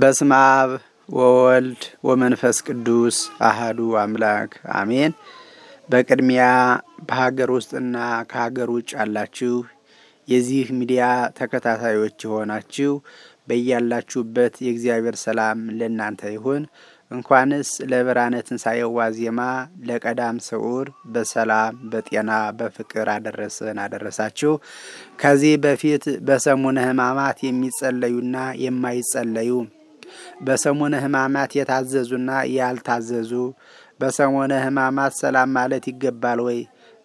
በስመ አብ ወወልድ ወመንፈስ ቅዱስ አህዱ አምላክ አሜን። በቅድሚያ በሀገር ውስጥና ከሀገር ውጭ ያላችሁ የዚህ ሚዲያ ተከታታዮች የሆናችሁ በያላችሁበት የእግዚአብሔር ሰላም ለእናንተ ይሁን። እንኳንስ ለብርሃነ ትንሣኤው ዋዜማ ለቀዳም ስዑር በሰላም በጤና በፍቅር አደረሰን አደረሳችሁ። ከዚህ በፊት በሰሙነ ሕማማት የሚጸለዩና የማይጸለዩ በሰሙነ ሕማማት የታዘዙና ያልታዘዙ፣ በሰሙነ ሕማማት ሰላም ማለት ይገባል ወይ?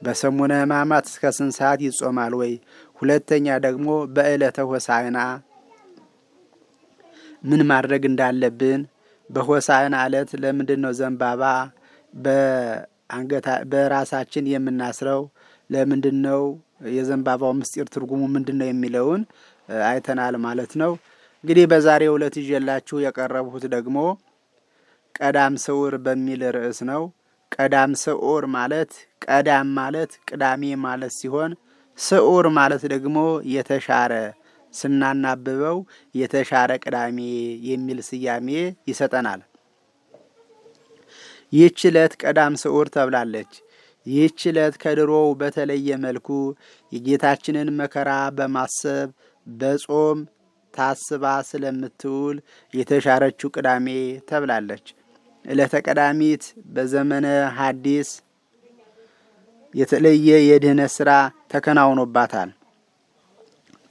በሰሙነ ሕማማት እስከ ስንት ሰዓት ይጾማል ወይ? ሁለተኛ ደግሞ በዕለተ ሆሳዕና ምን ማድረግ እንዳለብን፣ በሆሳዕና ዕለት ለምንድን ነው ዘንባባ በራሳችን የምናስረው? ለምንድን ነው የዘንባባው ምስጢር ትርጉሙ ምንድን ነው የሚለውን አይተናል ማለት ነው። እንግዲህ በዛሬው ዕለት ይዤላችሁ የቀረብሁት ደግሞ ቀዳም ስዑር በሚል ርዕስ ነው። ቀዳም ስዑር ማለት ቀዳም ማለት ቅዳሜ ማለት ሲሆን ስዑር ማለት ደግሞ የተሻረ ስናናብበው የተሻረ ቅዳሜ የሚል ስያሜ ይሰጠናል። ይህች ዕለት ቀዳም ስዑር ተብላለች። ይህች ዕለት ከድሮው በተለየ መልኩ የጌታችንን መከራ በማሰብ በጾም ታስባ ስለምትውል የተሻረችው ቅዳሜ ተብላለች። ዕለተ ቀዳሚት በዘመነ ሐዲስ የተለየ የድህነት ሥራ ተከናውኖባታል።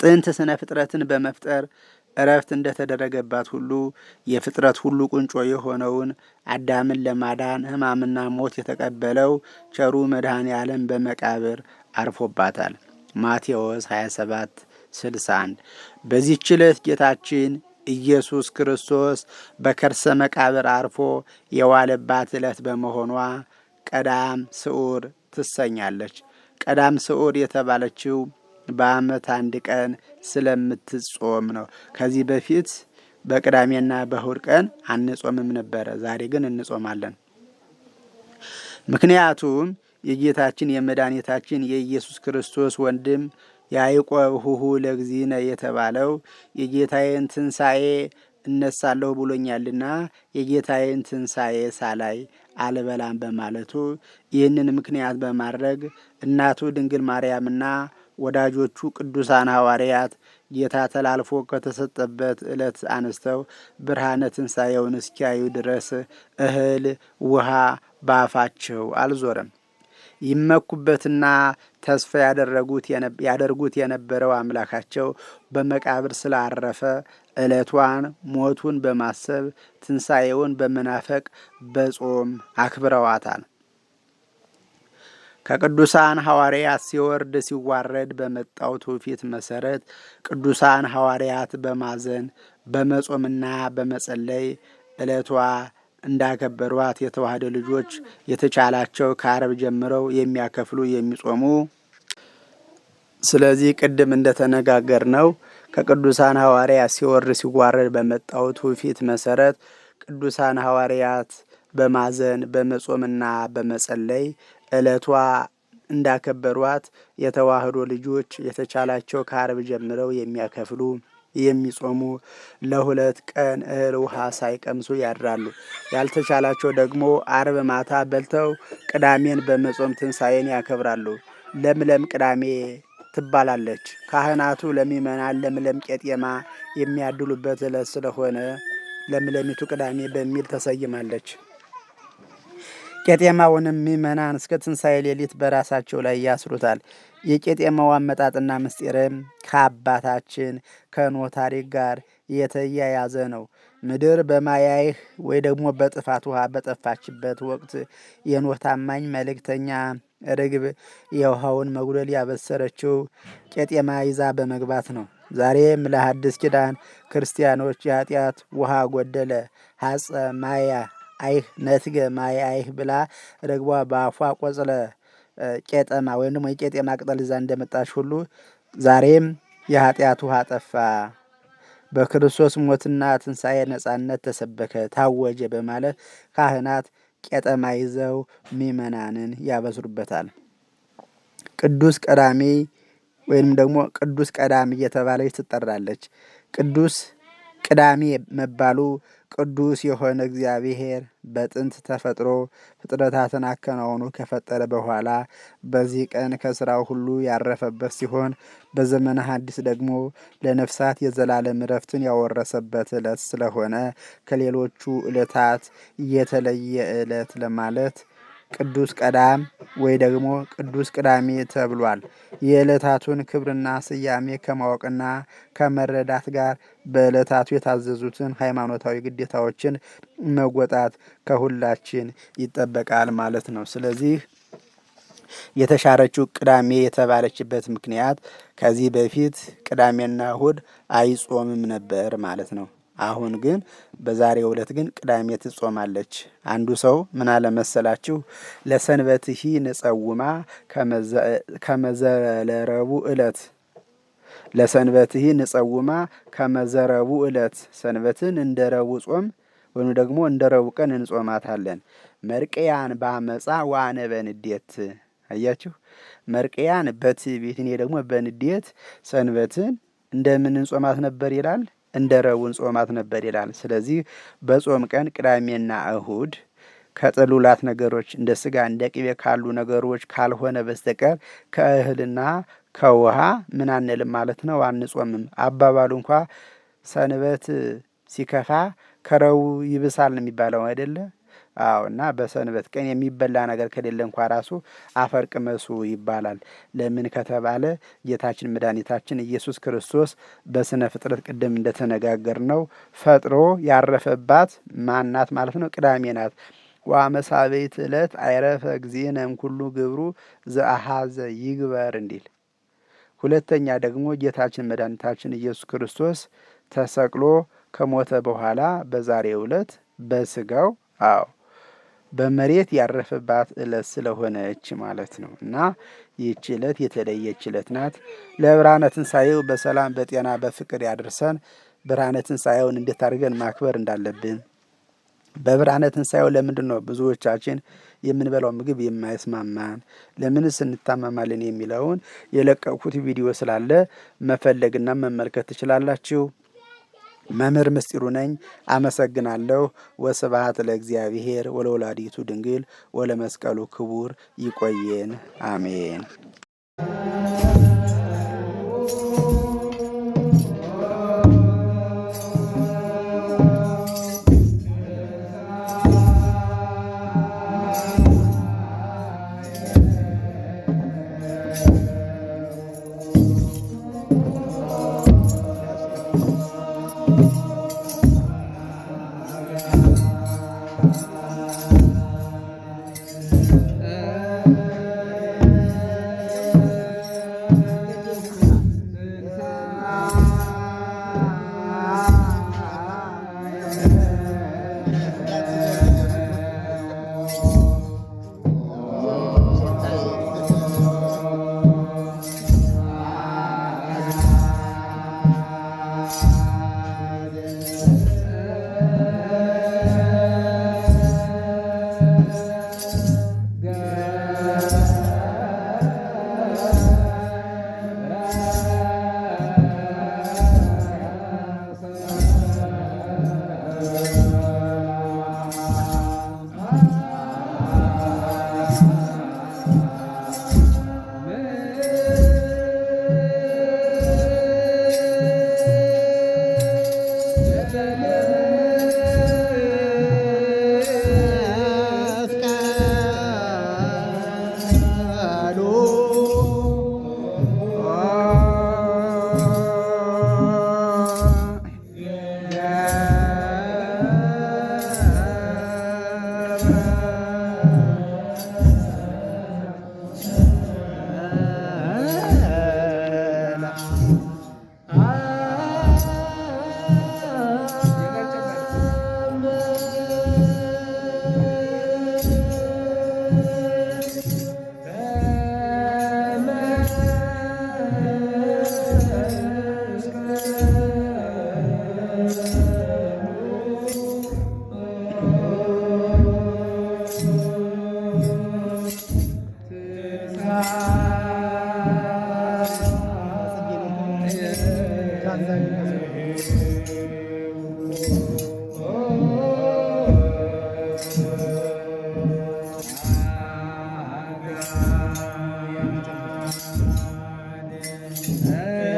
ጥንት ስነ ፍጥረትን በመፍጠር እረፍት እንደተደረገባት ሁሉ የፍጥረት ሁሉ ቁንጮ የሆነውን አዳምን ለማዳን ሕማምና ሞት የተቀበለው ቸሩ መድኃኔ ዓለም በመቃብር አርፎባታል። ማቴዎስ 27 61 በዚህች ዕለት ጌታችን ኢየሱስ ክርስቶስ በከርሰ መቃብር አርፎ የዋለባት ዕለት በመሆኗ ቀዳም ስዑር ትሰኛለች። ቀዳም ስዑር የተባለችው በዓመት አንድ ቀን ስለምትጾም ነው። ከዚህ በፊት በቅዳሜና በእሁድ ቀን አንጾምም ነበረ። ዛሬ ግን እንጾማለን። ምክንያቱም የጌታችን የመድኃኒታችን የኢየሱስ ክርስቶስ ወንድም ያዕቆብ ሁሁ ለእግዚእነ የተባለው የጌታዬን ትንሣኤ እነሳለሁ ብሎኛልና የጌታዬን ትንሣኤ ሳላይ አልበላም በማለቱ ይህንን ምክንያት በማድረግ እናቱ ድንግል ማርያምና ወዳጆቹ ቅዱሳን ሐዋርያት ጌታ ተላልፎ ከተሰጠበት ዕለት አነስተው ብርሃነ ትንሣኤውን እስኪያዩ ድረስ እህል ውሃ ባፋቸው አልዞረም። ይመኩበትና ተስፋ ያደረጉት ያደርጉት የነበረው አምላካቸው በመቃብር ስላረፈ ዕለቷን ሞቱን በማሰብ ትንሣኤውን በመናፈቅ በጾም አክብረዋታል። ከቅዱሳን ሐዋርያት ሲወርድ ሲዋረድ በመጣው ትውፊት መሰረት ቅዱሳን ሐዋርያት በማዘን በመጾምና በመጸለይ ዕለቷ እንዳከበሯት የተዋህደ ልጆች የተቻላቸው ከአረብ ጀምረው የሚያከፍሉ የሚጾሙ። ስለዚህ ቅድም እንደተነጋገር ነው ከቅዱሳን ሐዋርያት ሲወርድ ሲዋረድ በመጣው ትውፊት መሰረት ቅዱሳን ሐዋርያት በማዘን በመጾምና በመጸለይ ዕለቷ እንዳከበሯት የተዋህዶ ልጆች የተቻላቸው ከአርብ ጀምረው የሚያከፍሉ የሚጾሙ ለሁለት ቀን እህል ውሃ ሳይቀምሱ ያድራሉ። ያልተቻላቸው ደግሞ አርብ ማታ በልተው ቅዳሜን በመጾም ትንሣኤን ያከብራሉ። ለምለም ቅዳሜ ትባላለች። ካህናቱ ለሚመና ለምለም ቄጤማ የሚያድሉበት ዕለት ስለሆነ ለምለሚቱ ቅዳሜ በሚል ተሰይማለች። ቄጤማውንም ምዕመናን እስከ ትንሣኤ ሌሊት በራሳቸው ላይ ያስሩታል። የቄጤማው አመጣጥና ምስጢርም ከአባታችን ከኖኅ ታሪክ ጋር የተያያዘ ነው። ምድር በማያይህ ወይ ደግሞ በጥፋት ውሃ በጠፋችበት ወቅት የኖኅ ታማኝ መልእክተኛ ርግብ የውሃውን መጉደል ያበሰረችው ቄጤማ ይዛ በመግባት ነው። ዛሬም ለሐዲስ ኪዳን ክርስቲያኖች የኃጢአት ውሃ ጎደለ ሐፀ ማያ አይህ ነትገ ማይ አይህ ብላ ረግቧ በአፏ ቆጽለ ቄጠማ ወይም ደግሞ የቄጤማ ቅጠል ይዛ እንደመጣች ሁሉ ዛሬም የኃጢአቱ ውሃ ጠፋ፣ በክርስቶስ ሞትና ትንሣኤ ነፃነት ተሰበከ፣ ታወጀ በማለት ካህናት ቄጠማ ይዘው ምእመናንን ያበስሩበታል። ቅዱስ ቀዳሚ ወይም ደግሞ ቅዱስ ቀዳሚ እየተባለች ትጠራለች። ቅዱስ ቅዳሜ መባሉ ቅዱስ የሆነ እግዚአብሔር በጥንት ተፈጥሮ ፍጥረታትን አከናውኖ ከፈጠረ በኋላ በዚህ ቀን ከስራው ሁሉ ያረፈበት ሲሆን በዘመነ ሐዲስ ደግሞ ለነፍሳት የዘላለም እረፍትን ያወረሰበት ዕለት ስለሆነ ከሌሎቹ ዕለታት የተለየ ዕለት ለማለት ቅዱስ ቀዳም ወይ ደግሞ ቅዱስ ቅዳሜ ተብሏል። የዕለታቱን ክብርና ስያሜ ከማወቅና ከመረዳት ጋር በዕለታቱ የታዘዙትን ሃይማኖታዊ ግዴታዎችን መወጣት ከሁላችን ይጠበቃል ማለት ነው። ስለዚህ የተሻረችው ቅዳሜ የተባለችበት ምክንያት ከዚህ በፊት ቅዳሜና እሁድ አይጾምም ነበር ማለት ነው። አሁን ግን በዛሬው ዕለት ግን ቅዳሜ ትጾማለች። አንዱ ሰው ምን አለ መሰላችሁ? ለሰንበትሂ ንጸውማ ከመዘለረቡ ዕለት ለሰንበትሂ ንጸውማ ከመዘረቡ ዕለት ሰንበትን እንደ ረቡዕ ጾም ወይም ደግሞ እንደ ረቡዕ ቀን እንጾማታለን። መርቅያን ባመፃ ዋነ በንዴት አያችሁ፣ መርቅያን በትዕቢት እኔ ደግሞ በንዴት ሰንበትን እንደምን እንጾማት ነበር ይላል። እንደ ረቡን ጾማት ነበር ይላል። ስለዚህ በጾም ቀን ቅዳሜና እሁድ ከጥሉላት ነገሮች እንደ ስጋ እንደ ቅቤ ካሉ ነገሮች ካልሆነ በስተቀር ከእህልና ከውሃ ምን አንልም ማለት ነው፣ አንጾምም። አባባሉ እንኳ ሰንበት ሲከፋ ከረቡ ይብሳል ነው የሚባለው አይደለም? አዎ እና በሰንበት ቀን የሚበላ ነገር ከሌለ እንኳ ራሱ አፈር ቅመሱ ይባላል። ለምን ከተባለ ጌታችን መድኃኒታችን ኢየሱስ ክርስቶስ በስነ ፍጥረት ቅድም ነው ፈጥሮ ያረፈባት ማን ናት ማለት ነው? ቅዳሜ ናት። ዋመሳቤት ዕለት አይረፈ ጊዜ ነምኩሉ ግብሩ ዘአሃዘ ይግበር እንዲል። ሁለተኛ ደግሞ ጌታችን መድኃኒታችን ኢየሱስ ክርስቶስ ተሰቅሎ ከሞተ በኋላ በዛሬ ዕለት በስጋው አዎ በመሬት ያረፈባት ዕለት ስለሆነች ማለት ነው እና ይህች ዕለት የተለየች ዕለት ናት። ለብርሃነ ትንሣኤው በሰላም በጤና በፍቅር ያደርሰን። ብርሃነ ትንሣኤውን እንዴት አድርገን ማክበር እንዳለብን በብርሃነ ትንሣኤው ለምንድን ነው ብዙዎቻችን የምንበላው ምግብ የማይስማማን ለምንስ እንታመማለን የሚለውን የለቀኩት ቪዲዮ ስላለ መፈለግና መመልከት ትችላላችሁ። መምህር ምስጢሩ ነኝ። አመሰግናለሁ። ወስብሐት ለእግዚአብሔር ወለወላዲቱ ድንግል ወለመስቀሉ ክቡር። ይቆየን። አሜን። Thank you. Hey. Ee,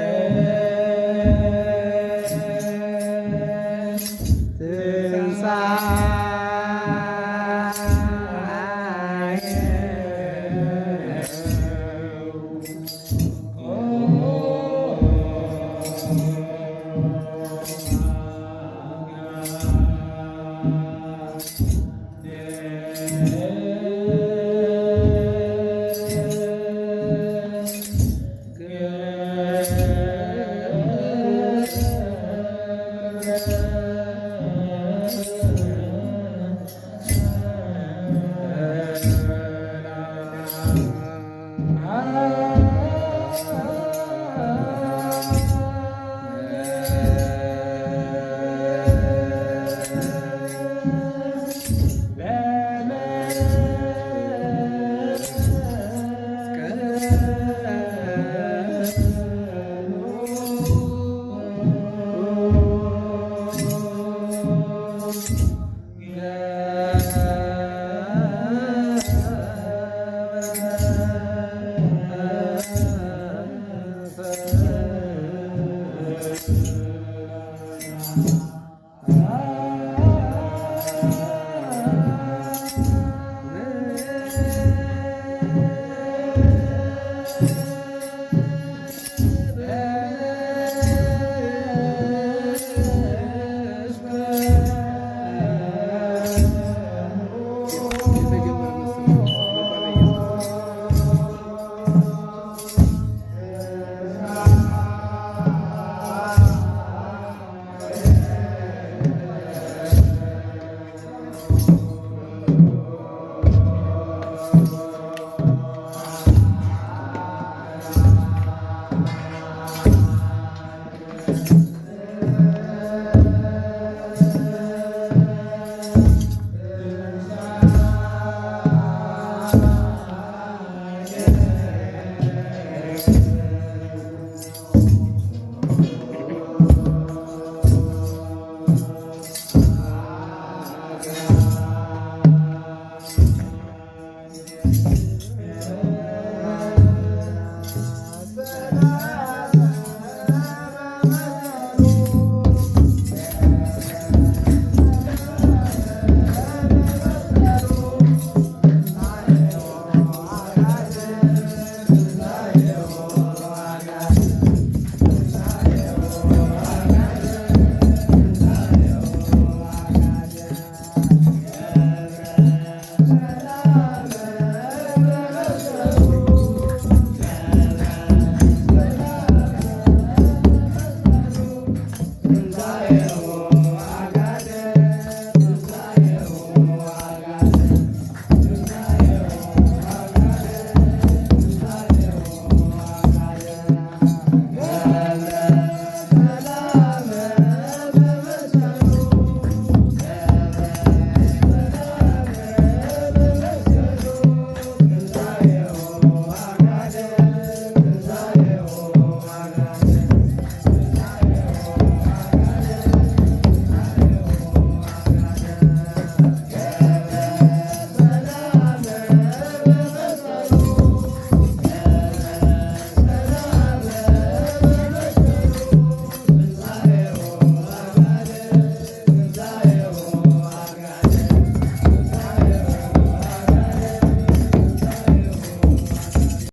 Música